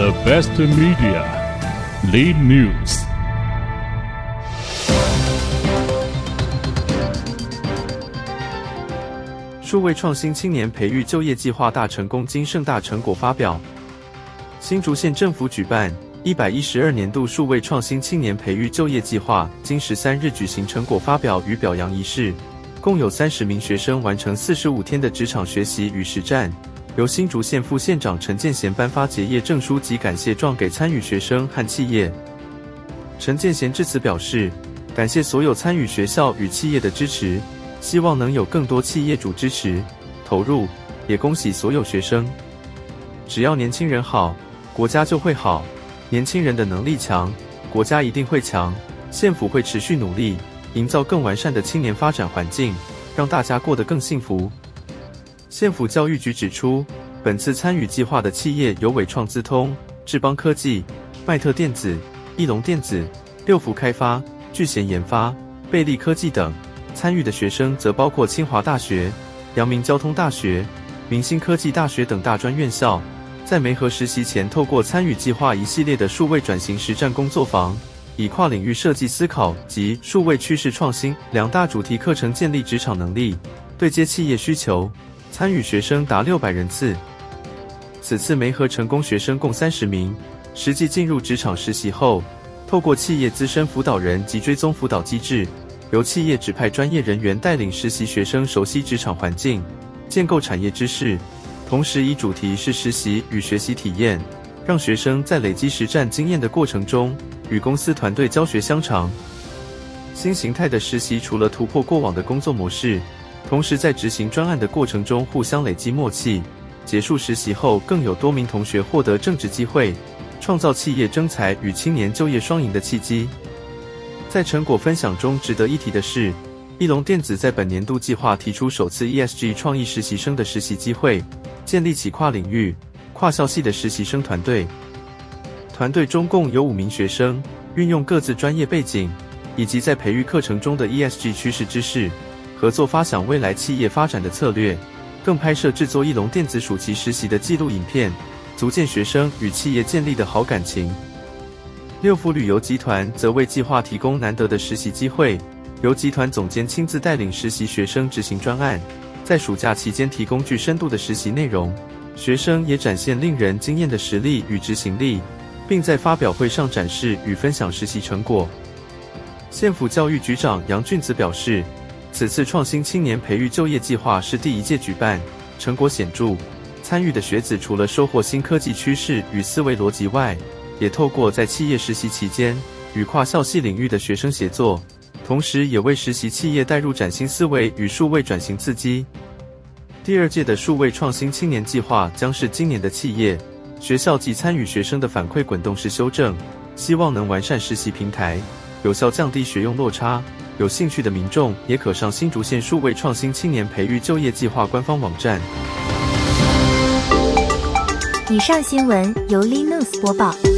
The best media lead news。數位創新青年培育就業計劃大成功，今盛大成果發表。新竹縣政府舉辦一百一十二年度數位創新青年培育就業計劃，今十三日舉行成果發表與表揚儀式。共有三十名學生完成四十五天的職場學習與實戰。由新竹縣副縣長陳見賢頒發結業證書及感謝狀給參與學生和企業。陳見賢致辭表示，感謝所有參與學校與企業的支持，希望能有更多企業主支持投入，也恭喜所有學生。只要年輕人好，國家就會好；年輕人的能力強，國家一定會強。縣府會持續努力，營造更完善的青年發展環境，讓大家過得更幸福。縣府教育局指出，本次參與計劃的企業有緯創資通、智邦科技、邁特電子、義隆電子、六福開發、聚賢研發、倍利科技等。參與的學生則包括清華大學、陽明交通大學、明新科技大學等大專院校。在媒合實習前，透過參與計劃一系列的數位轉型實戰工作坊，以跨領域設計思考及數位趨勢創新兩大主題課程，建立職場能力，對接企業需求。參與學生達六百人次。此次媒合成功學生共三十名，實際進入職場實習後，透過企業資深輔導人及追蹤輔導機制，由企業指派專業人員帶領實習學生熟悉職場環境，建構產業知識，同時以主題式實習與學習體驗，讓學生在累積實戰經驗的過程中，與公司團隊教學相長。新型態的實習除了突破過往的工作模式，同時，在執行專案的過程中，互相累積默契。結束實習後，更有多名同學獲得正職機會，創造企業徵才與青年就業雙贏的契機。在成果分享中，值得一提的是，義隆電子在本年度計劃提出首次 ESG 創意實習生的實習機會，建立起跨領域、跨校系的實習生團隊。團隊中共有五名學生，運用各自專業背景，以及在培育課程中的 ESG 趨勢知識。合作發想未來企業發展的策略，更拍攝製作義隆電子暑期實習的紀錄影片，足見學生與企業建立的好感情。六福旅遊集團則為計劃提供難得的實習機會，由集團總監親自帶領實習學生執行專案，在暑假期間提供具深度的實習內容，學生也展現令人驚豔的實力與執行力，並在發表會上展示與分享實習成果。縣府教育局長楊郡慈表示，此次創新青年培育就業計劃是第一屆舉辦，成果顯著。參與的學子除了收穫新科技趨勢與思維邏輯外，也透過在企業實習期間與跨校系領域的學生協作，同時也為實習企業帶入嶄新思維與數位轉型刺激。第二屆的數位創新青年計劃將視今年的企業、學校及參與學生的反饋滾動式修正，希望能完善實習平台，有效降低學用落差。有興趣的民眾也可上新竹縣數位創新青年培育就業計劃官方網站。以上新聞由 Linux 播報。